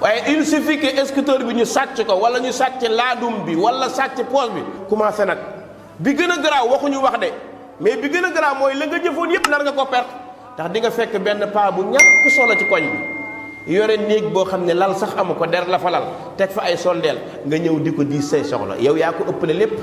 waaye il suffit que scooter bi ñu sàcc ko wala ñu sàcc laadum bi wala sàcc poos bi commencé nag bi gën a garaaw waxuñu wax de mais bi gën a garaaw mooy la nga jëfoon yëpp nar nga ko perte ndax di nga fekk benn paa bu ñàkk solo ci koñ bi yore néeg boo xam ne lal sax amu ko der la fa lal teg fa ay soldeel nga ñëw di ko diis say soxla yow yaa ko ëpp ëppale lépp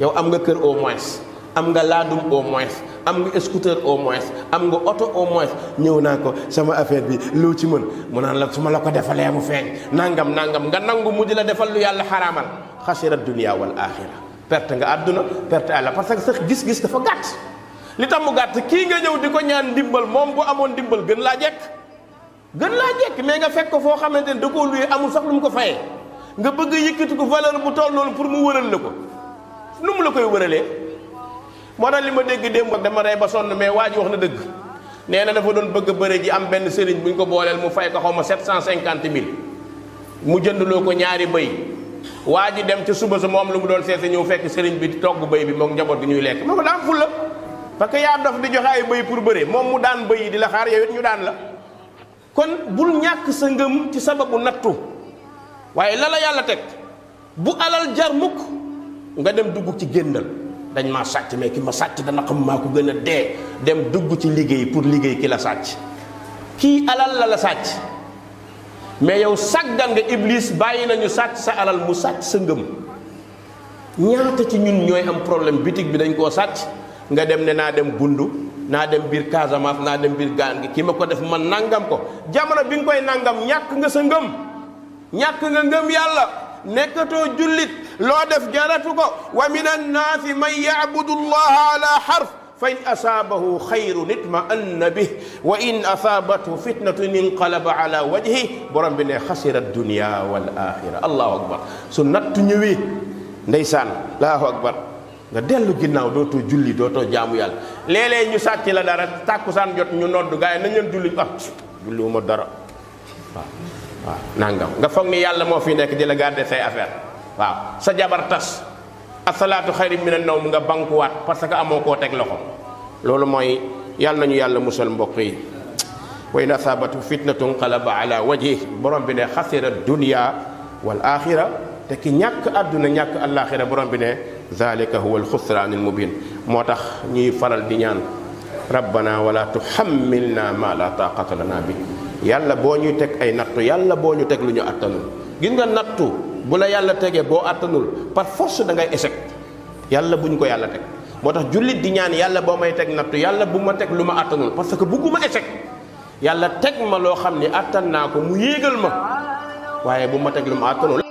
yow am nga kër au moins am nga laadum au moins am nga scooter au moins am nga oto au moins ñëw naa ko sama affaire bi loo ci mën mu naan la su ma la ko defalee mu feeñ nangam nangam nga nangu mu di la defal lu yàlla xaraamal xasira dunia wal axira perte nga àdduna perte àlla parce que sa gis-gis dafa gàtt li tax mu gàtt kii nga ñëw di ko ñaan ndimbal moom bu amoon ndimbal gën laa jekk gën laa jekk mais nga fekk ko foo xamante ne da koo luyee amul sax lu mu ko fayee nga bëgg yëkkati ko valeur bu toll noonu pour mu wëral la ko nu mu la koy wëralee moo tax li ma dégg démb dama rey ba sonn mais waa ji wax na dëgg nee na dafa doon bëgg a bëre ji am benn sëriñ bu ñu ko booleel mu fay ko xaw ma sept cent cinquante mille mu jënduloo ko ñaari bëy waa ji dem ca suba sa moom lu mu doon seete ñëw fekk sëriñ bi togg bëy bi moom njaboot gi ñuy lekk moo daan ful la parce que yaa dof di joxe ay bëy pour bëre moom mu daan bëy yi di la xaar yow ñu daan la kon bul ñàkk sa ngëm ci sababu nattu waaye lala yàlla teg bu alal jar mukk nga dem dugg ci génnal dañ maa sàcc mais ki ma sàcc dana xam maa ko gën a dee dem dugg ci liggéey pour liggéey ki la sàcc kii alal la la sàcc mais yow sàggan nga iblis bàyyi nañu sàcc sa alal mu sàcc sa ngëm ñaata ci ñun ñooy am problème bitig bi dañ koo sàcc nga dem ne naa dem bund naa dem biir Casamance naa dem biir gaan gi ki ma ko def man nangam ko jamono bi nga koy nangam ñàkk nga sa ngëm ñàkk nga ngëm yàlla nekkatoo jullit loo def jaratu ko wa min annaasi man yacbudu allaha ala xarf فإن أصابه خير اطمأن به وإن أصابته فتنة انقلب على وجهه برام بن خسر الدنيا والآخرة الله أكبر سنة نيوي نيسان الله أكبر nga dellu ginnaaw dootoo julli dootoo jaamu yàlla léeg-léeg ñu sàcc la dara tàkkusaan jot ñu nodd gaa yi nañ leen julli ah julliwuma dara waaw waaw nangam nga foog ni yàlla moo fi nekk di la garder say affaire waaw sa jabar tas asalaatu xayri mina nawm nga bankuwaat parce que amoo koo teg loxo loolu mooy yàlla nañu yàlla musal mbokk yi wa in asaabatu fitnatun qalaba ala wajhi borom bi ne xasira dunia wa axira te ki ñàkk adduna ñàkk alaxira borom bi ne zalika huwa alxusraan almubin moo tax ñuy faral di ñaan rabbana wala tuhammilna ma la taqata bi yàlla boo ñuy teg ay nattu yàlla boo ñu teg lu ñu attanul gis nga nattu bu la yàlla tegee boo àttanul par force da ngay échec yàlla bu ñu ko yàlla teg moo tax jullit di ñaan yàlla boo may teg nattu yàlla bu ma teg lu ma àttanul parce que bugguma échec yàlla teg ma loo xam ni àttan naa ko mu yéegal ma waaye bu ma teg lu ma àttanul